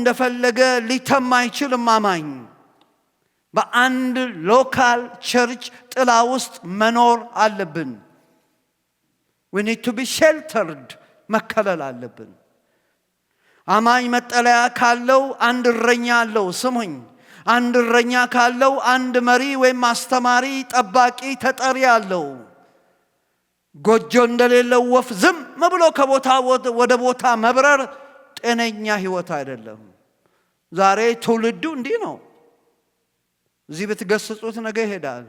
እንደፈለገ ሊተማ አይችልም አማኝ። በአንድ ሎካል ቸርች ጥላ ውስጥ መኖር አለብን። we need to መከለል አለብን። አማኝ መጠለያ ካለው አንድ እረኛ አለው። ስሙኝ፣ አንድ እረኛ ካለው አንድ መሪ ወይም አስተማሪ፣ ጠባቂ፣ ተጠሪ አለው። ጎጆ እንደሌለው ወፍ ዝም ብሎ ከቦታ ወደ ቦታ መብረር ጤነኛ ህይወት አይደለም። ዛሬ ትውልዱ እንዲህ ነው። እዚህ ብትገስጹት ነገ ይሄዳል።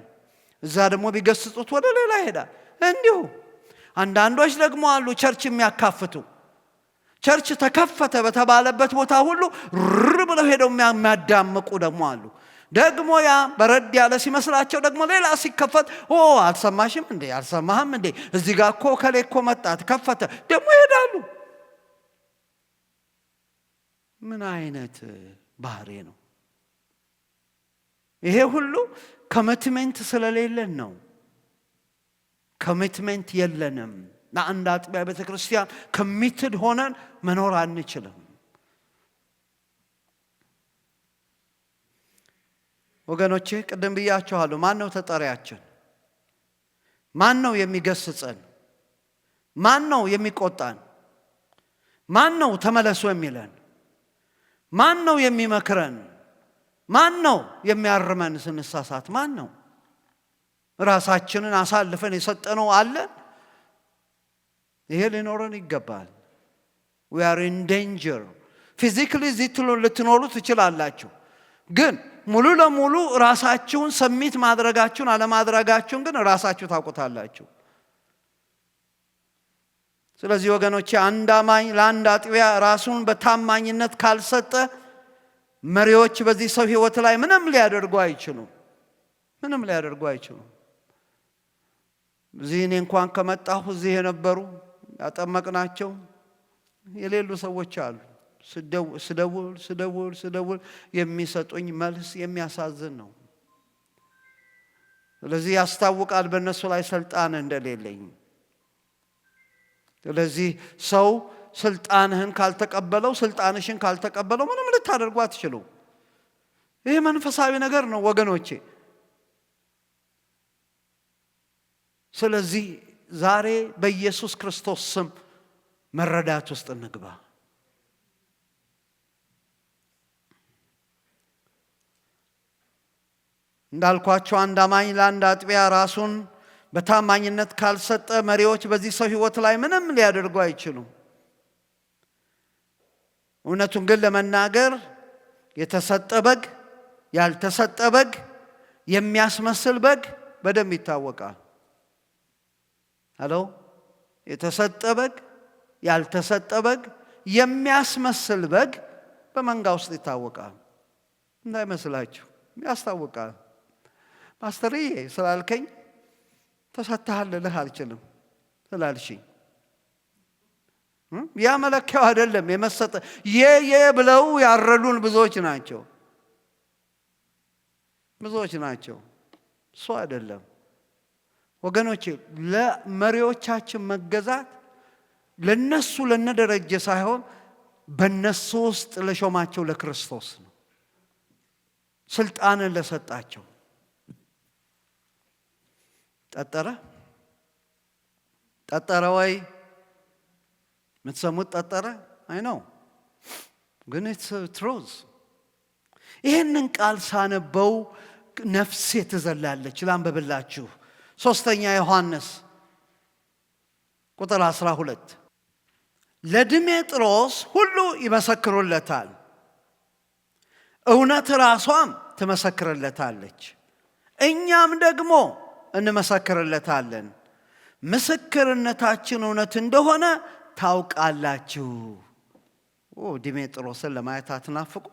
እዛ ደግሞ ቢገስጹት ወደ ሌላ ይሄዳል። እንዲሁ አንዳንዶች ደግሞ አሉ ቸርች የሚያካፍቱ ቸርች ተከፈተ በተባለበት ቦታ ሁሉ ር ብለው ሄደው የሚያዳምቁ ደግሞ አሉ። ደግሞ ያ በረድ ያለ ሲመስላቸው ደግሞ ሌላ ሲከፈት ኦ አልሰማሽም እንዴ አልሰማህም እንዴ እዚህ ጋር እኮ ከሌ እኮ መጣ ተከፈተ ደግሞ ይሄዳሉ። ምን አይነት ባህሬ ነው? ይሄ ሁሉ ኮሚትመንት ስለሌለን ነው። ኮሚትመንት የለንም። ለአንድ አጥቢያ ቤተ ክርስቲያን ከሚትድ ሆነን መኖር አንችልም። ወገኖቼ ቅድም ብያችኋሉ ማን ነው ተጠሪያችን? ማን ነው የሚገስጸን? ማን ነው የሚቆጣን? ማን ነው ተመለሱ የሚለን? ማን ነው የሚመክረን? ማን ነው የሚያርመን ስንሳሳት? ማን ነው ራሳችንን አሳልፈን የሰጠነው አለን? ይሄ ሊኖረን ይገባል። ዊ አር ኢን ዴንጀር። ፊዚክሊ ልትኖሩ ትችላላችሁ፣ ግን ሙሉ ለሙሉ ራሳችሁን ሰሚት ማድረጋችሁን አለማድረጋችሁን ግን ራሳችሁ ታውቁታላችሁ። ስለዚህ ወገኖች አንድ አማኝ ለአንድ አጥቢያ ራሱን በታማኝነት ካልሰጠ መሪዎች በዚህ ሰው ህይወት ላይ ምንም ሊያደርጉ አይችሉም። ምንም ሊያደርጉ አይችሉም። እዚህ እኔ እንኳን ከመጣሁ እዚህ የነበሩ ያጠመቅናቸው የሌሉ ሰዎች አሉ። ስደውል ስደውል ስደውል የሚሰጡኝ መልስ የሚያሳዝን ነው። ስለዚህ ያስታውቃል በእነሱ ላይ ስልጣን እንደሌለኝ። ስለዚህ ሰው ስልጣንህን ካልተቀበለው ስልጣንሽን ካልተቀበለው ምንም ልታደርጉ አትችሉ። ይህ መንፈሳዊ ነገር ነው ወገኖቼ። ስለዚህ ዛሬ በኢየሱስ ክርስቶስ ስም መረዳት ውስጥ እንግባ። እንዳልኳቸው አንድ አማኝ ለአንድ አጥቢያ ራሱን በታማኝነት ካልሰጠ መሪዎች በዚህ ሰው ህይወት ላይ ምንም ሊያደርጉ አይችሉም። እውነቱን ግን ለመናገር የተሰጠ በግ፣ ያልተሰጠ በግ፣ የሚያስመስል በግ በደንብ ይታወቃል። ሄሎ የተሰጠ በግ፣ ያልተሰጠ በግ፣ የሚያስመስል በግ በመንጋ ውስጥ ይታወቃል። እንዳይመስላችሁ ያስታውቃል። ማስተርዬ ስላልከኝ ተሳትተሃል ልልህ አልችልም ስላልሽኝ ያ መለኪያው አይደለም። የመሰጠ የየ ብለው ያረዱን ብዙዎች ናቸው፣ ብዙዎች ናቸው። እሱ አይደለም ወገኖቼ። ለመሪዎቻችን መገዛት ለነሱ ለነደረጀ ሳይሆን በነሱ ውስጥ ለሾማቸው ለክርስቶስ ነው፣ ስልጣንን ለሰጣቸው ጠጠረ ጠጠረ ወይ የምትሰሙት ጠጠረ አይ ነው ግን ትሮዝ ይህንን ቃል ሳነበው ነፍሴ ትዘላለች። ላንብብላችሁ። ሶስተኛ ዮሐንስ ቁጥር 12 ለድሜጥሮስ ሁሉ ይመሰክሩለታል፣ እውነት ራሷም ትመሰክርለታለች። እኛም ደግሞ እንመሰክርለታለን። ምስክርነታችን እውነት እንደሆነ ታውቃላችሁ። ዲሜጥሮስን ለማየት አትናፍቁ።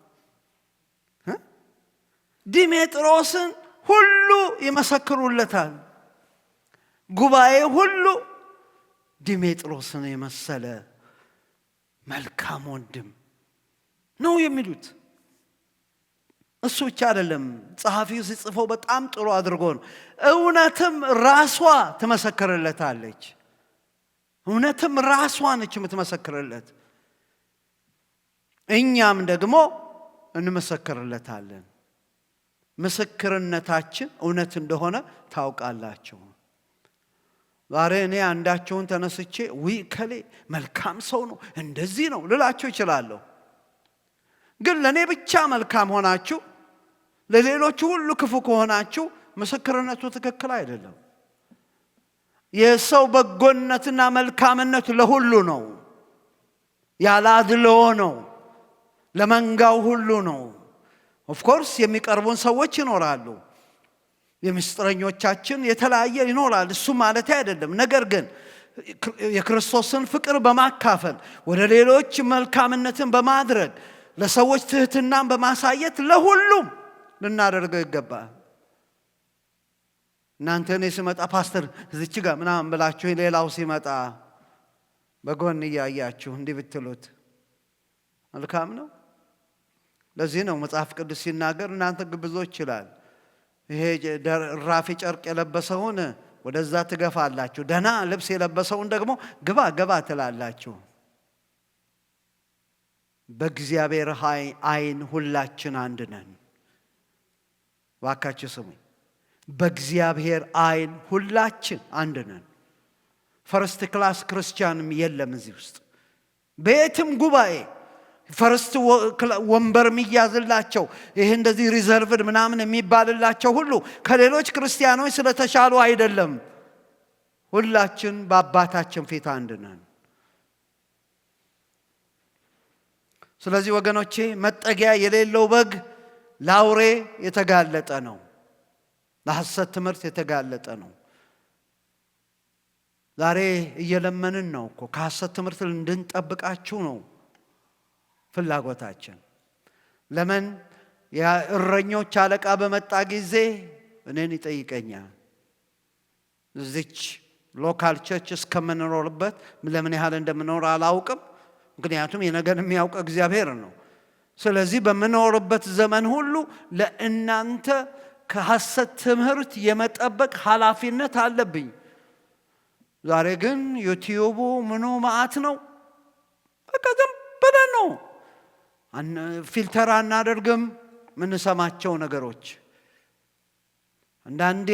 ዲሜጥሮስን ሁሉ ይመሰክሩለታል። ጉባኤ ሁሉ ዲሜጥሮስን የመሰለ መልካም ወንድም ነው የሚሉት። እሱ ብቻ አይደለም፣ ጸሐፊው ሲጽፈው በጣም ጥሩ አድርጎ ነው። እውነትም ራሷ ትመሰክርለታለች። እውነትም ራሷ ነች የምትመሰክርለት፣ እኛም ደግሞ እንመሰክርለታለን። ምስክርነታችን እውነት እንደሆነ ታውቃላችሁ። ዛሬ እኔ አንዳቸውን ተነስቼ ውይ ከሌ መልካም ሰው ነው እንደዚህ ነው ልላቸው ይችላለሁ። ግን ለእኔ ብቻ መልካም ሆናችሁ ለሌሎቹ ሁሉ ክፉ ከሆናችሁ ምስክርነቱ ትክክል አይደለም። የሰው በጎነትና መልካምነት ለሁሉ ነው፣ ያለ አድልዎ ነው፣ ለመንጋው ሁሉ ነው። ኦፍኮርስ የሚቀርቡን ሰዎች ይኖራሉ፣ የምስጥረኞቻችን የተለያየ ይኖራል። እሱ ማለት አይደለም። ነገር ግን የክርስቶስን ፍቅር በማካፈል ወደ ሌሎች መልካምነትን በማድረግ ለሰዎች ትህትናን በማሳየት ለሁሉም ልናደርገው ይገባል። እናንተ እኔ ስመጣ ፓስተር ዝች ጋር ምናምን ብላችሁ ሌላው ሲመጣ በጎን እያያችሁ እንዲህ ብትሉት መልካም ነው። ለዚህ ነው መጽሐፍ ቅዱስ ሲናገር እናንተ ግብዞች ይላል። ይሄ ራፊ ጨርቅ የለበሰውን ወደዛ ትገፋላችሁ፣ ደና ልብስ የለበሰውን ደግሞ ግባ ገባ ትላላችሁ። በእግዚአብሔር አይን ሁላችን አንድ ነን። እባካችሁ ስሙኝ። በእግዚአብሔር አይን ሁላችን አንድ ነን። ፈርስት ክላስ ክርስቲያንም የለም እዚህ ውስጥ በየትም ጉባኤ ፈርስት ወንበር የሚያዝላቸው ይህ እንደዚህ ሪዘርቭድ ምናምን የሚባልላቸው ሁሉ ከሌሎች ክርስቲያኖች ስለተሻሉ አይደለም። ሁላችን በአባታችን ፊት አንድ ነን። ስለዚህ ወገኖቼ መጠጊያ የሌለው በግ ለአውሬ የተጋለጠ ነው፣ ለሐሰት ትምህርት የተጋለጠ ነው። ዛሬ እየለመንን ነው እኮ ከሐሰት ትምህርት እንድንጠብቃችሁ ነው ፍላጎታችን። ለምን የእረኞች አለቃ በመጣ ጊዜ እኔን ይጠይቀኛል። እዚች ሎካል ቸርች እስከምንኖርበት ለምን ያህል እንደምኖር አላውቅም። ምክንያቱም የነገን የሚያውቅ እግዚአብሔር ነው። ስለዚህ በምኖርበት ዘመን ሁሉ ለእናንተ ከሐሰት ትምህርት የመጠበቅ ኃላፊነት አለብኝ። ዛሬ ግን ዩቲዩቡ ምኑ ማአት ነው። በቃ ዝም ብለን ነው ፊልተር አናደርግም የምንሰማቸው ነገሮች አንዳንዴ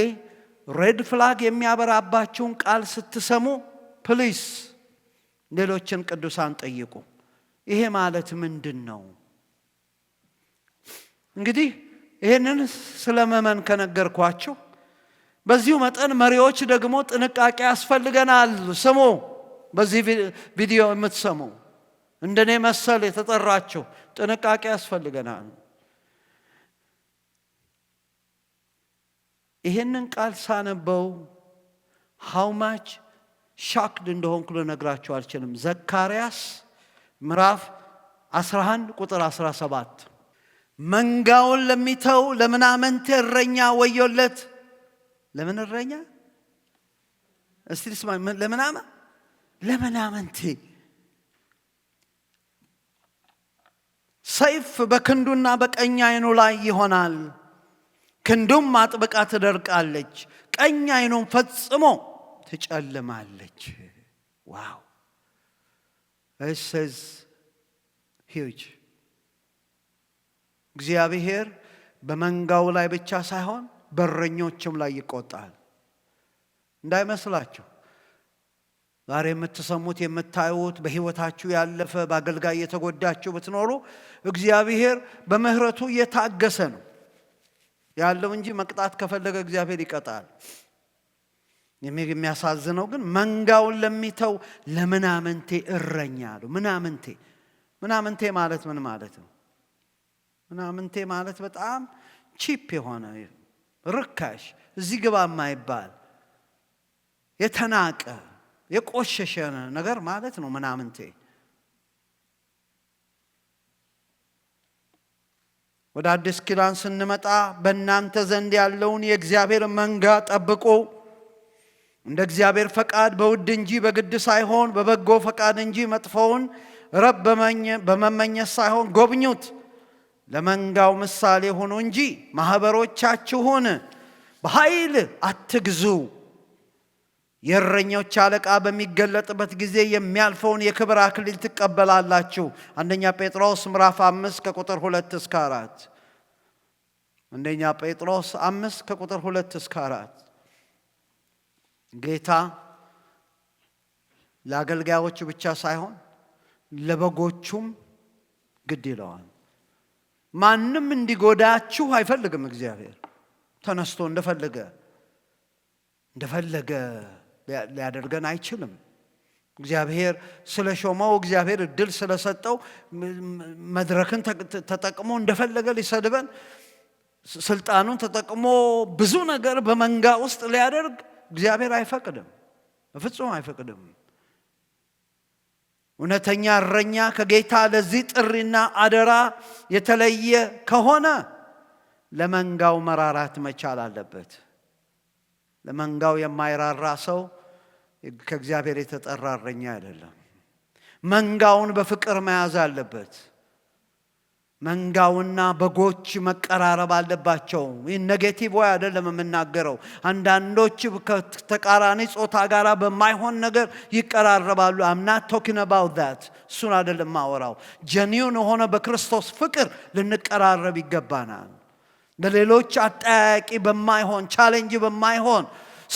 ሬድ ፍላግ የሚያበራባቸውን ቃል ስትሰሙ ፕሊስ ሌሎችን ቅዱሳን ጠይቁ። ይሄ ማለት ምንድን ነው? እንግዲህ ይህንን ስለ መመን ከነገርኳችሁ በዚሁ መጠን መሪዎች ደግሞ ጥንቃቄ ያስፈልገናል። ስሙ፣ በዚህ ቪዲዮ የምትሰሙ እንደኔ መሰል የተጠራችሁ ጥንቃቄ ያስፈልገናል። ይህንን ቃል ሳነበው ሃው ማች ሻክድ እንደሆንኩ ነግራቸው አልችልም። ዘካርያስ ምዕራፍ 11 ቁጥር 17 መንጋውን ለሚተው ለምናምንት እረኛ ወዮለት። ለምን እረኛ? እስቲ ስማ። ለምናመ ለምናምንቴ ሰይፍ በክንዱና በቀኝ አይኑ ላይ ይሆናል፣ ክንዱም አጥብቃ ትደርቃለች፣ ቀኝ አይኑም ፈጽሞ ትጨልማለች። ዋው እሰዝ ሂውጅ እግዚአብሔር በመንጋው ላይ ብቻ ሳይሆን በረኞችም ላይ ይቆጣል። እንዳይመስላችሁ ዛሬ የምትሰሙት የምታዩት በሕይወታችሁ ያለፈ በአገልጋይ የተጎዳችሁ ብትኖሩ እግዚአብሔር በምሕረቱ እየታገሰ ነው ያለው እንጂ መቅጣት ከፈለገ እግዚአብሔር ይቀጣል። የሚያሳዝነው ግን መንጋውን ለሚተው ለምናምንቴ እረኛ አሉ። ምናምንቴ ምናምንቴ ማለት ምን ማለት ነው? ምናምንቴ ማለት በጣም ቺፕ የሆነ ርካሽ፣ እዚህ ግባ የማይባል የተናቀ የቆሸሸ ነገር ማለት ነው ምናምንቴ። ወደ አዲስ ኪዳን ስንመጣ በእናንተ ዘንድ ያለውን የእግዚአብሔር መንጋ ጠብቆ እንደ እግዚአብሔር ፈቃድ በውድ እንጂ በግድ ሳይሆን በበጎ ፈቃድ እንጂ መጥፎውን ረብ በመመኘት ሳይሆን ጎብኙት። ለመንጋው ምሳሌ ሁኑ እንጂ ማኅበሮቻችሁን በኃይል አትግዙ። የእረኞች አለቃ በሚገለጥበት ጊዜ የሚያልፈውን የክብር አክሊል ትቀበላላችሁ። አንደኛ ጴጥሮስ ምዕራፍ አምስት ከቁጥር ሁለት እስከ አራት አንደኛ ጴጥሮስ አምስት ከቁጥር ሁለት እስከ አራት ጌታ ለአገልጋዮቹ ብቻ ሳይሆን ለበጎቹም ግድ ይለዋል። ማንም እንዲጎዳችሁ አይፈልግም። እግዚአብሔር ተነስቶ እንደፈለገ እንደፈለገ ሊያደርገን አይችልም። እግዚአብሔር ስለ ሾመው፣ እግዚአብሔር እድል ስለሰጠው መድረክን ተጠቅሞ እንደፈለገ ሊሰድበን፣ ስልጣኑን ተጠቅሞ ብዙ ነገር በመንጋ ውስጥ ሊያደርግ እግዚአብሔር አይፈቅድም፣ በፍጹም አይፈቅድም። እውነተኛ እረኛ ከጌታ ለዚህ ጥሪና አደራ የተለየ ከሆነ ለመንጋው መራራት መቻል አለበት። ለመንጋው የማይራራ ሰው ከእግዚአብሔር የተጠራ እረኛ አይደለም። መንጋውን በፍቅር መያዝ አለበት። መንጋውና በጎች መቀራረብ አለባቸው። ይህ ኔጌቲቭ ወይ አይደለም የምናገረው። አንዳንዶች ከተቃራኒ ጾታ ጋር በማይሆን ነገር ይቀራረባሉ። አምና ቶኪን አባውት ዛት እሱን አይደለም ማወራው። ጀኒውን የሆነ በክርስቶስ ፍቅር ልንቀራረብ ይገባናል። ለሌሎች አጠያቂ በማይሆን ቻሌንጅ በማይሆን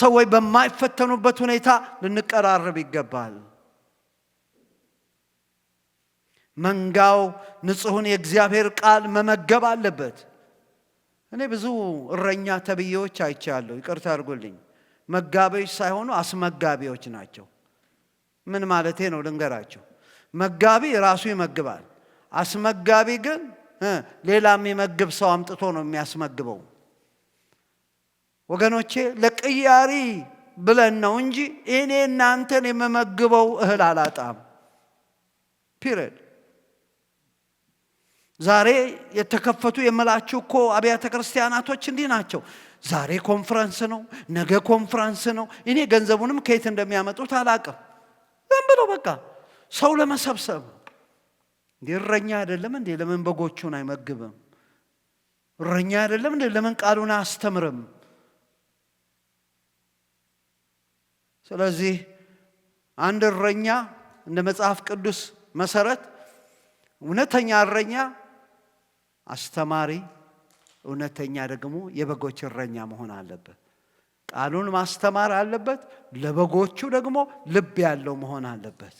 ሰዎች በማይፈተኑበት ሁኔታ ልንቀራረብ ይገባል። መንጋው ንጹሑን የእግዚአብሔር ቃል መመገብ አለበት። እኔ ብዙ እረኛ ተብዬዎች አይቻለሁ። ይቅርታ አድርጉልኝ፣ መጋቢዎች ሳይሆኑ አስመጋቢዎች ናቸው። ምን ማለቴ ነው ልንገራቸው። መጋቢ ራሱ ይመግባል። አስመጋቢ ግን ሌላ የሚመግብ ሰው አምጥቶ ነው የሚያስመግበው። ወገኖቼ ለቅያሪ ብለን ነው እንጂ እኔ እናንተን የምመግበው እህል አላጣም። ፒሪድ ዛሬ የተከፈቱ የምላችሁ እኮ አብያተ ክርስቲያናቶች እንዲህ ናቸው። ዛሬ ኮንፈረንስ ነው፣ ነገ ኮንፈረንስ ነው። እኔ ገንዘቡንም ከየት እንደሚያመጡት አላቅም። ዝም ብሎ በቃ ሰው ለመሰብሰብ እንዲ። እረኛ አይደለም እንዴ? ለምን በጎቹን አይመግብም? እረኛ አይደለም እንዴ? ለምን ቃሉን አያስተምርም? ስለዚህ አንድ እረኛ እንደ መጽሐፍ ቅዱስ መሰረት እውነተኛ እረኛ አስተማሪ፣ እውነተኛ ደግሞ የበጎች እረኛ መሆን አለበት። ቃሉን ማስተማር አለበት። ለበጎቹ ደግሞ ልብ ያለው መሆን አለበት።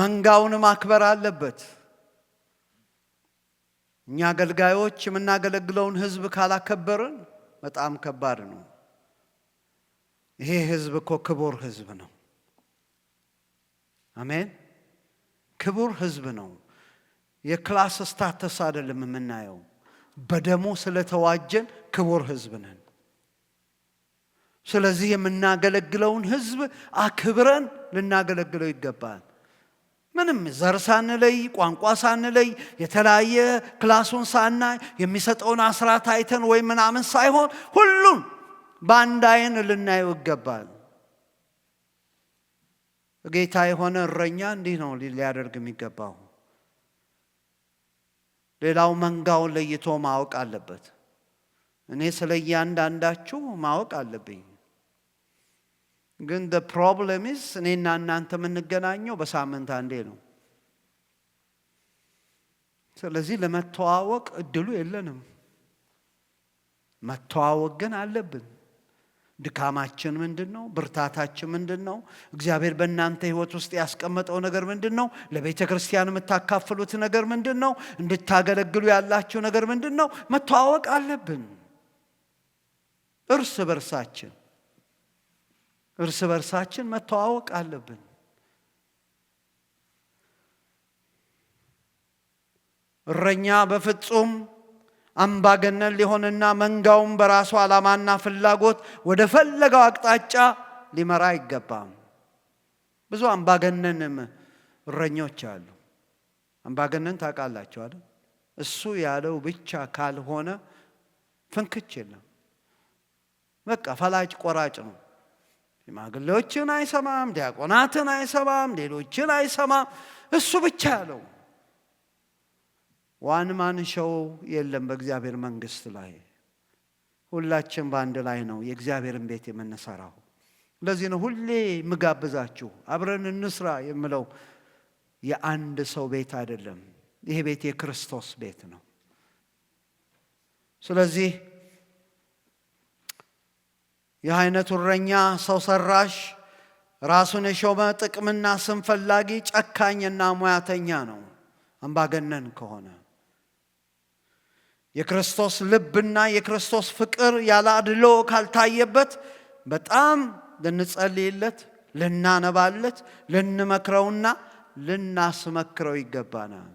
መንጋውን ማክበር አለበት። እኛ አገልጋዮች የምናገለግለውን ሕዝብ ካላከበርን በጣም ከባድ ነው። ይሄ ሕዝብ እኮ ክቡር ሕዝብ ነው። አሜን። ክቡር ሕዝብ ነው። የክላስ ስታተስ አይደለም የምናየው። በደሞ ስለተዋጀን ክቡር ህዝብ ነን። ስለዚህ የምናገለግለውን ህዝብ አክብረን ልናገለግለው ይገባል። ምንም ዘር ሳንለይ፣ ቋንቋ ሳንለይ፣ የተለያየ ክላሱን ሳናይ፣ የሚሰጠውን አስራት አይተን ወይም ምናምን ሳይሆን ሁሉም በአንድ አይን ልናየው ይገባል። ጌታ የሆነ እረኛ እንዲህ ነው ሊያደርግ የሚገባው። ሌላው መንጋውን ለይቶ ማወቅ አለበት። እኔ ስለ እያንዳንዳችሁ ማወቅ አለብኝ። ግን ፕሮብለም ኢዝ እኔና እናንተ የምንገናኘው በሳምንት አንዴ ነው። ስለዚህ ለመተዋወቅ እድሉ የለንም። መተዋወቅ ግን አለብን። ድካማችን ምንድን ነው? ብርታታችን ምንድን ነው? እግዚአብሔር በእናንተ ሕይወት ውስጥ ያስቀመጠው ነገር ምንድን ነው? ለቤተ ክርስቲያን የምታካፍሉት ነገር ምንድን ነው? እንድታገለግሉ ያላችሁ ነገር ምንድን ነው? መተዋወቅ አለብን እርስ በርሳችን እርስ በርሳችን መተዋወቅ አለብን። እረኛ በፍጹም አምባገነን ሊሆንና መንጋውም በራሱ ዓላማና ፍላጎት ወደ ፈለገው አቅጣጫ ሊመራ አይገባም። ብዙ አምባገነንም እረኞች አሉ። አምባገነን ታውቃላቸዋል። እሱ ያለው ብቻ ካልሆነ ፍንክች የለም። በቃ ፈላጭ ቆራጭ ነው። ሽማግሌዎችን አይሰማም፣ ዲያቆናትን አይሰማም፣ ሌሎችን አይሰማም። እሱ ብቻ ያለው ዋን ማን ሾው የለም በእግዚአብሔር መንግስት ላይ ሁላችን በአንድ ላይ ነው የእግዚአብሔርን ቤት የምንሰራው። ለዚህ ነው ሁሌ ምጋብዛችሁ አብረን እንስራ የምለው። የአንድ ሰው ቤት አይደለም፣ ይሄ ቤት የክርስቶስ ቤት ነው። ስለዚህ ይህ አይነቱ እረኛ ሰው ሰራሽ፣ ራሱን የሾመ ጥቅምና ስም ፈላጊ፣ ጨካኝና ሙያተኛ ነው አምባገነን ከሆነ የክርስቶስ ልብና የክርስቶስ ፍቅር ያለ አድሎ ካልታየበት በጣም ልንጸልይለት፣ ልናነባለት፣ ልንመክረውና ልናስመክረው ይገባናል።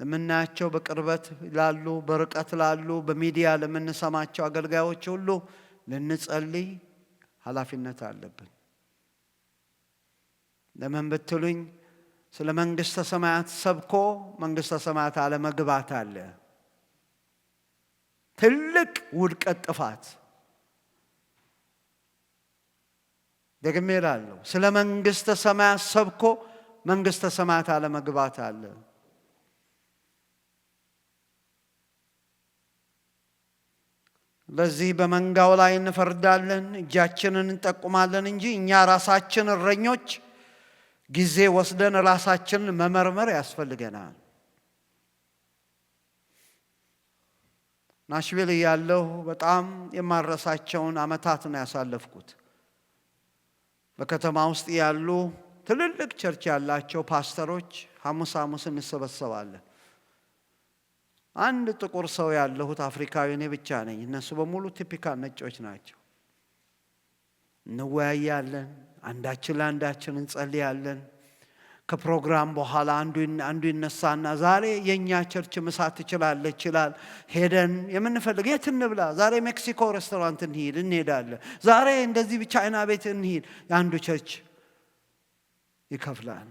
ለምናያቸው በቅርበት ላሉ፣ በርቀት ላሉ፣ በሚዲያ ለምንሰማቸው አገልጋዮች ሁሉ ልንጸልይ ኃላፊነት አለብን። ለምን ብትሉኝ ስለ መንግሥተ ሰማያት ሰብኮ መንግሥተ ሰማያት አለመግባት አለ። ትልቅ ውድቀት፣ ጥፋት። ደግሜ እላለሁ፣ ስለ መንግሥተ ሰማያት ሰብኮ መንግሥተ ሰማያት አለመግባት አለ። ለዚህ በመንጋው ላይ እንፈርዳለን፣ እጃችንን እንጠቁማለን እንጂ እኛ ራሳችን እረኞች ጊዜ ወስደን ራሳችንን መመርመር ያስፈልገናል። ናሽቪል እያለሁ በጣም የማረሳቸውን ዓመታት ነው ያሳለፍኩት። በከተማ ውስጥ ያሉ ትልልቅ ቸርች ያላቸው ፓስተሮች ሐሙስ ሐሙስ እንሰበሰባለን። አንድ ጥቁር ሰው ያለሁት አፍሪካዊ እኔ ብቻ ነኝ። እነሱ በሙሉ ቲፒካል ነጮች ናቸው። እንወያያለን አንዳችን ለአንዳችን እንጸልያለን። ከፕሮግራም በኋላ አንዱ ይነሳና ዛሬ የእኛ ቸርች ምሳ ትችላለች ይችላል። ሄደን የምንፈልግ የት እንብላ፣ ዛሬ ሜክሲኮ ሬስቶራንት እንሂድ፣ እንሄዳለን። ዛሬ እንደዚህ ብቻ አይና ቤት እንሂድ። የአንዱ ቸርች ይከፍላል።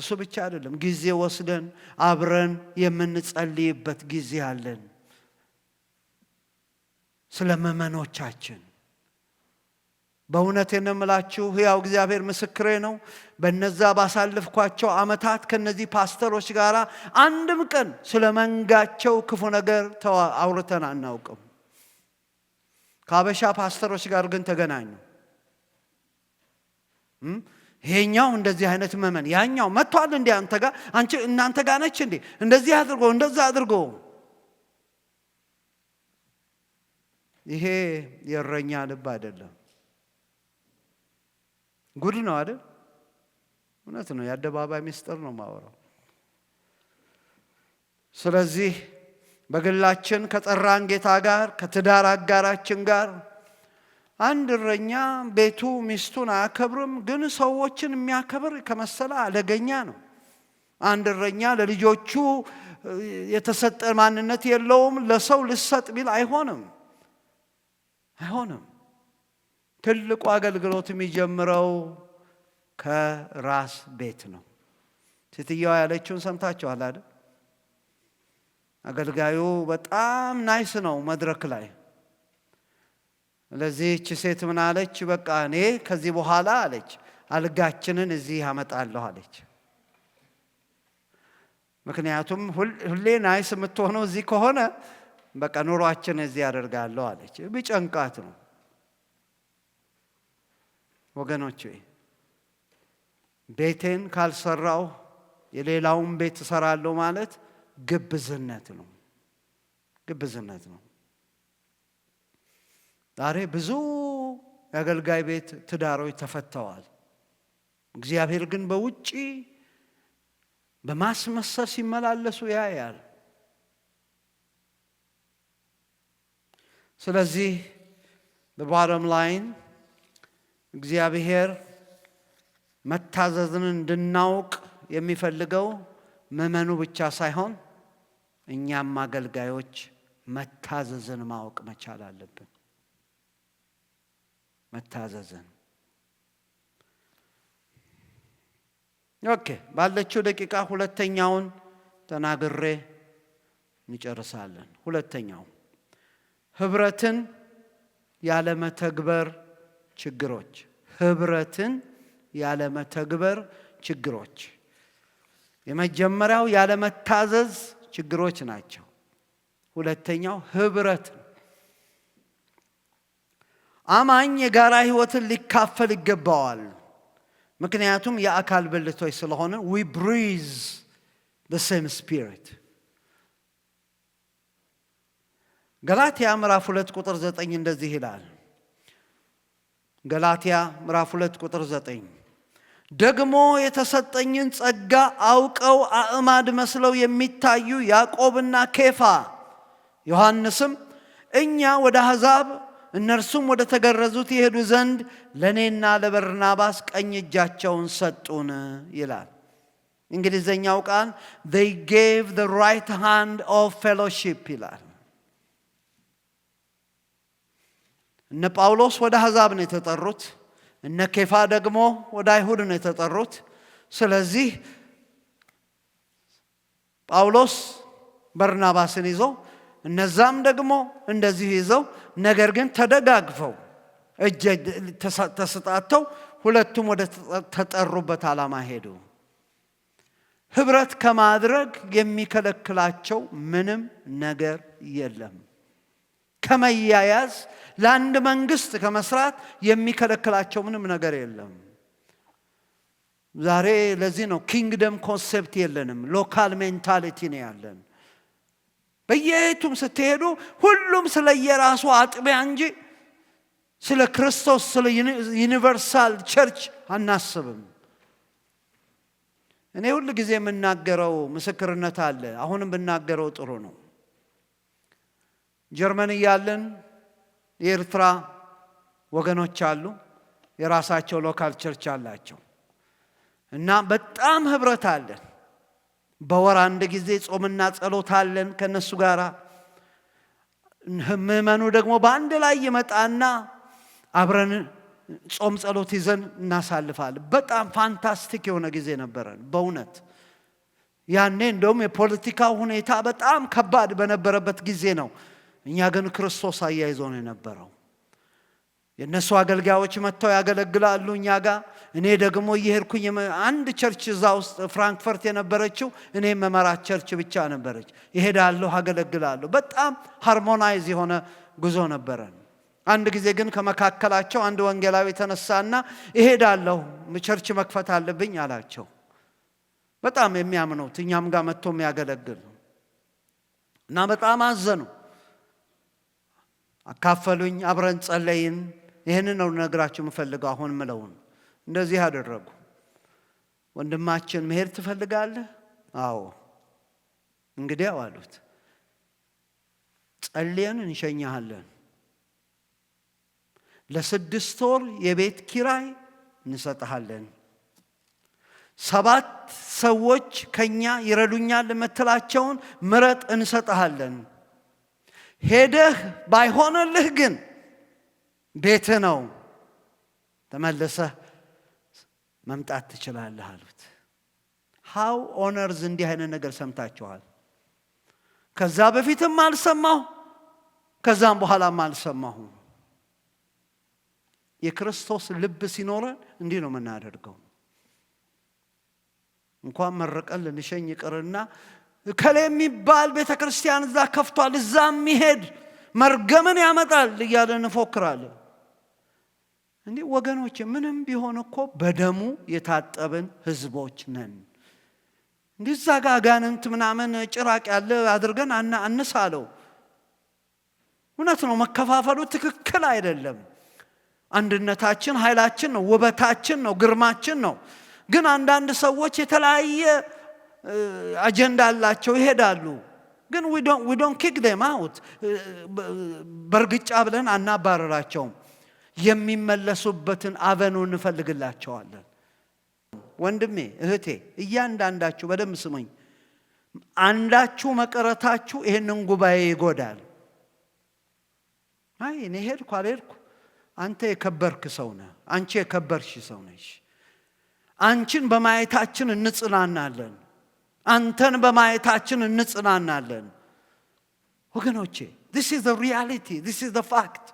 እሱ ብቻ አይደለም፣ ጊዜ ወስደን አብረን የምንጸልይበት ጊዜ አለን ስለ መመኖቻችን በእውነት የምላችሁ ሕያው እግዚአብሔር ምስክሬ ነው። በነዛ ባሳልፍኳቸው ዓመታት ከነዚህ ፓስተሮች ጋር አንድም ቀን ስለ መንጋቸው ክፉ ነገር አውርተን አናውቅም። ከአበሻ ፓስተሮች ጋር ግን ተገናኙ። ይሄኛው እንደዚህ አይነት መመን ያኛው መጥቷል እንዲ አንተ ጋር አንቺ እናንተ ጋር ነች እንዴ? እንደዚህ አድርጎ እንደዛ አድርጎ ይሄ የእረኛ ልብ አይደለም። ጉድ ነው አይደል? እውነት ነው። የአደባባይ ምስጢር ነው ማወራው። ስለዚህ በግላችን ከጠራን ጌታ ጋር ከትዳር አጋራችን ጋር አንድ እረኛ ቤቱ ሚስቱን አያከብርም፣ ግን ሰዎችን የሚያከብር ከመሰለ አደገኛ ነው። አንድ እረኛ ለልጆቹ የተሰጠ ማንነት የለውም። ለሰው ልሰጥ ቢል አይሆንም አይሆንም። ትልቁ አገልግሎት የሚጀምረው ከራስ ቤት ነው። ሴትየዋ ያለችውን ሰምታችኋል አይደል? አገልጋዩ በጣም ናይስ ነው መድረክ ላይ። ለዚህች ሴት ምን አለች? በቃ እኔ ከዚህ በኋላ አለች አልጋችንን እዚህ ያመጣለሁ አለች። ምክንያቱም ሁሌ ናይስ የምትሆነው እዚህ ከሆነ በቃ ኑሯችን እዚህ ያደርጋለሁ አለች። ቢጨንቃት ነው ወገኖቼ ቤቴን ካልሰራው የሌላውን ቤት እሰራለሁ ማለት ግብዝነት ነው። ግብዝነት ነው። ዛሬ ብዙ የአገልጋይ ቤት ትዳሮች ተፈተዋል። እግዚአብሔር ግን በውጪ በማስመሰል ሲመላለሱ ያያል። ስለዚህ በባረም ላይን እግዚአብሔር መታዘዝን እንድናውቅ የሚፈልገው ምዕመኑ ብቻ ሳይሆን እኛም አገልጋዮች መታዘዝን ማወቅ መቻል አለብን። መታዘዝን ኦኬ። ባለችው ደቂቃ ሁለተኛውን ተናግሬ እንጨርሳለን። ሁለተኛው ህብረትን ያለመተግበር ችግሮች፣ ህብረትን ያለመተግበር ችግሮች፣ የመጀመሪያው ያለመታዘዝ ችግሮች ናቸው። ሁለተኛው ህብረት ነው። አማኝ የጋራ ህይወትን ሊካፈል ይገባዋል። ምክንያቱም የአካል ብልቶች ስለሆነ ዊ ብሪዝ ዘ ሴም ስፒሪት ገላትያ ምዕራፍ ሁለት ቁጥር ዘጠኝ እንደዚህ ይላል ገላትያ ምዕራፍ 2 ቁጥር 9 ደግሞ የተሰጠኝን ጸጋ አውቀው አእማድ መስለው የሚታዩ ያዕቆብና ኬፋ ዮሐንስም እኛ ወደ አሕዛብ እነርሱም ወደ ተገረዙት ይሄዱ ዘንድ ለእኔና ለበርናባስ ቀኝ እጃቸውን ሰጡን ይላል። እንግሊዘኛው ቃል they gave the right hand of fellowship ይላል። እነ ጳውሎስ ወደ አሕዛብ ነው የተጠሩት። እነ ኬፋ ደግሞ ወደ አይሁድ ነው የተጠሩት። ስለዚህ ጳውሎስ በርናባስን ይዘው እነዛም ደግሞ እንደዚሁ ይዘው ነገር ግን ተደጋግፈው እጅ ተሰጣተው ሁለቱም ወደ ተጠሩበት ዓላማ ሄዱ። ህብረት ከማድረግ የሚከለክላቸው ምንም ነገር የለም። ከመያያዝ ለአንድ መንግስት ከመስራት የሚከለክላቸው ምንም ነገር የለም። ዛሬ ለዚህ ነው ኪንግደም ኮንሴፕት የለንም፣ ሎካል ሜንታሊቲ ነው ያለን። በየቱም ስትሄዱ ሁሉም ስለ የራሱ አጥቢያ እንጂ ስለ ክርስቶስ ስለ ዩኒቨርሳል ቸርች አናስብም። እኔ ሁል ጊዜ የምናገረው ምስክርነት አለ። አሁንም ብናገረው ጥሩ ነው። ጀርመን እያለን የኤርትራ ወገኖች አሉ። የራሳቸው ሎካል ቸርች አላቸው እና በጣም ህብረት አለን። በወር አንድ ጊዜ ጾምና ጸሎት አለን ከእነሱ ጋር። ህምመኑ ደግሞ በአንድ ላይ ይመጣና አብረን ጾም ጸሎት ይዘን እናሳልፋለን። በጣም ፋንታስቲክ የሆነ ጊዜ ነበረን በእውነት ያኔ እንደውም የፖለቲካው ሁኔታ በጣም ከባድ በነበረበት ጊዜ ነው እኛ ግን ክርስቶስ አያይዞ ነው የነበረው። የእነሱ አገልጋዮች መጥተው ያገለግላሉ እኛ ጋር። እኔ ደግሞ እየሄድኩኝ አንድ ቸርች እዛ ውስጥ ፍራንክፈርት የነበረችው እኔ መመራት ቸርች ብቻ ነበረች። ይሄዳለሁ፣ አገለግላለሁ። በጣም ሃርሞናይዝ የሆነ ጉዞ ነበረን። አንድ ጊዜ ግን ከመካከላቸው አንድ ወንጌላዊ የተነሳና እሄዳለሁ፣ ቸርች መክፈት አለብኝ አላቸው። በጣም የሚያምኑት እኛም ጋር መጥቶ የሚያገለግል እና በጣም አዘኑ። አካፈሉኝ። አብረን ጸለይን። ይህንን ነው ነግራችሁ የምፈልገው። አሁን ምለውን እንደዚህ አደረጉ። ወንድማችን መሄድ ትፈልጋለህ? አዎ። እንግዲያው አሉት፣ ጸልየን እንሸኛሃለን። ለስድስት ወር የቤት ኪራይ እንሰጥሃለን። ሰባት ሰዎች ከኛ ይረዱኛል የምትላቸውን ምረጥ፣ እንሰጥሃለን ሄደህ ባይሆንልህ ግን ቤት ነው ተመልሰህ መምጣት ትችላለህ አሉት። ሃው ኦነርዝ እንዲህ አይነት ነገር ሰምታችኋል? ከዛ በፊትም አልሰማሁ፣ ከዛም በኋላም አልሰማሁ። የክርስቶስ ልብ ሲኖረን እንዲህ ነው የምናደርገው። እንኳን መረቀን ልንሸኝ ይቅርና ከላይ የሚባል ቤተ ክርስቲያን እዛ ከፍቷል፣ እዛ የሚሄድ መርገምን ያመጣል እያለ እንፎክራለን። እንዲህ ወገኖች፣ ምንም ቢሆን እኮ በደሙ የታጠብን ህዝቦች ነን። እንዲህ እዛ ጋ አጋንንት ምናምን ጭራቅ ያለ አድርገን አንሳለው። እውነት ነው፣ መከፋፈሉ ትክክል አይደለም። አንድነታችን ኃይላችን ነው፣ ውበታችን ነው፣ ግርማችን ነው። ግን አንዳንድ ሰዎች የተለያየ አጀንዳ አላቸው፣ ይሄዳሉ። ግን ዊ ዶንት ኪክ ዴም አውት በእርግጫ ብለን አናባረራቸውም። የሚመለሱበትን አቨኑ እንፈልግላቸዋለን። ወንድሜ እህቴ፣ እያንዳንዳችሁ በደንብ ስሙኝ። አንዳችሁ መቀረታችሁ ይህንን ጉባኤ ይጎዳል። አይ እኔ ሄድኩ አልሄድኩ፣ አንተ የከበርክ ሰው ነህ፣ አንቺ የከበርሽ ሰው ነሽ። አንቺን በማየታችን እንጽናናለን። አንተን በማየታችን እንጽናናለን። ወገኖቼ ዲስ ኢዝ ዘ ሪያሊቲ ዲስ ኢዝ ዘ ፋክት።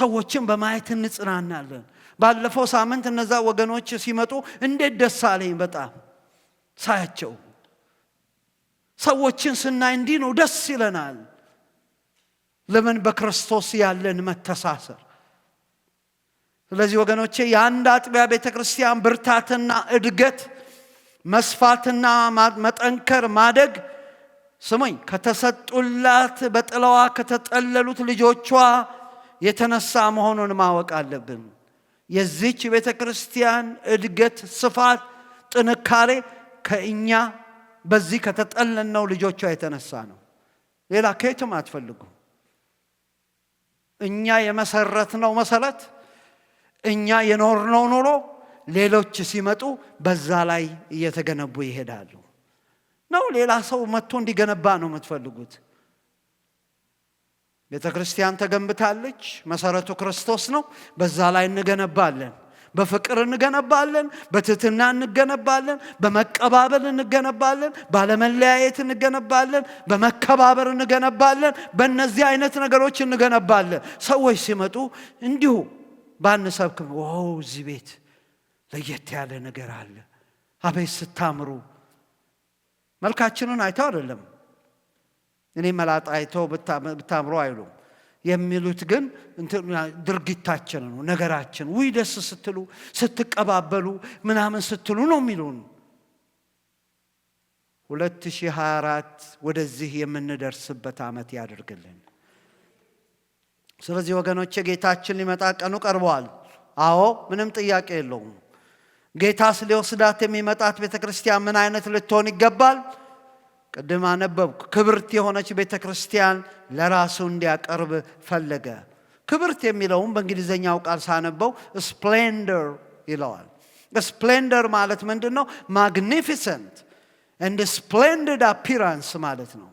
ሰዎችን በማየት እንጽናናለን። ባለፈው ሳምንት እነዛ ወገኖች ሲመጡ እንዴት ደስ አለኝ በጣም ሳያቸው። ሰዎችን ስናይ እንዲህ ነው ደስ ይለናል። ለምን? በክርስቶስ ያለን መተሳሰር። ስለዚህ ወገኖቼ የአንድ አጥቢያ ቤተ ክርስቲያን ብርታትና እድገት መስፋትና መጠንከር ማደግ ስሙኝ ከተሰጡላት በጥለዋ ከተጠለሉት ልጆቿ የተነሳ መሆኑን ማወቅ አለብን። የዚች ቤተ ክርስቲያን እድገት፣ ስፋት፣ ጥንካሬ ከእኛ በዚህ ከተጠለልነው ልጆቿ የተነሳ ነው። ሌላ ከየትም አትፈልጉ። እኛ የመሰረትነው መሰረት፣ እኛ የኖርነው ኑሮ ሌሎች ሲመጡ በዛ ላይ እየተገነቡ ይሄዳሉ። ነው ሌላ ሰው መጥቶ እንዲገነባ ነው የምትፈልጉት። ቤተ ክርስቲያን ተገንብታለች። መሰረቱ ክርስቶስ ነው። በዛ ላይ እንገነባለን። በፍቅር እንገነባለን። በትህትና እንገነባለን። በመቀባበል እንገነባለን። ባለመለያየት እንገነባለን። በመከባበር እንገነባለን። በእነዚህ አይነት ነገሮች እንገነባለን። ሰዎች ሲመጡ እንዲሁ ባንሰብክም ዋው እዚህ ቤት ለየት ያለ ነገር አለ። አቤት ስታምሩ! መልካችንን አይተው አይደለም እኔ መላጣ አይተው ብታምሩ አይሉም የሚሉት ግን ድርጊታችን ነው፣ ነገራችን። ውይ ደስ ስትሉ ስትቀባበሉ ምናምን ስትሉ ነው የሚሉን። 2024 ወደዚህ የምንደርስበት ዓመት ያደርግልን። ስለዚህ ወገኖቼ ጌታችን ሊመጣ ቀኑ ቀርበዋል። አዎ ምንም ጥያቄ የለውም። ጌታ ስለወስዳት የሚመጣት ቤተ ክርስቲያን ምን አይነት ልትሆን ይገባል? ቅድም አነበብኩ። ክብርት የሆነች ቤተ ክርስቲያን ለራሱ እንዲያቀርብ ፈለገ። ክብርት የሚለውም በእንግሊዝኛው ቃል ሳነበው ስፕሌንደር ይለዋል። ስፕሌንደር ማለት ምንድን ነው? ማግኒፊሰንት እንድ ስፕሌንድድ አፒራንስ ማለት ነው።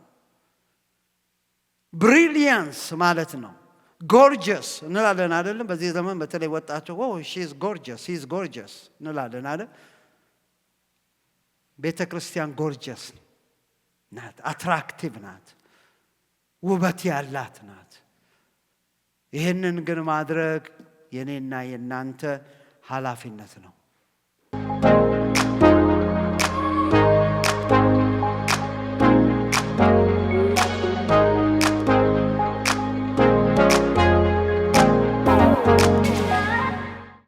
ብሪሊያንስ ማለት ነው። ጎርጀስ እንላለን አይደለም? በዚህ ዘመን በተለይ ወጣቸው ሺዝ ጎርጀስ ሂዝ ጎርጀስ እንላለን አይደል? ቤተ ክርስቲያን ጎርጀስ ናት፣ አትራክቲቭ ናት፣ ውበት ያላት ናት። ይህንን ግን ማድረግ የእኔና የእናንተ ሀላፊነት ነው።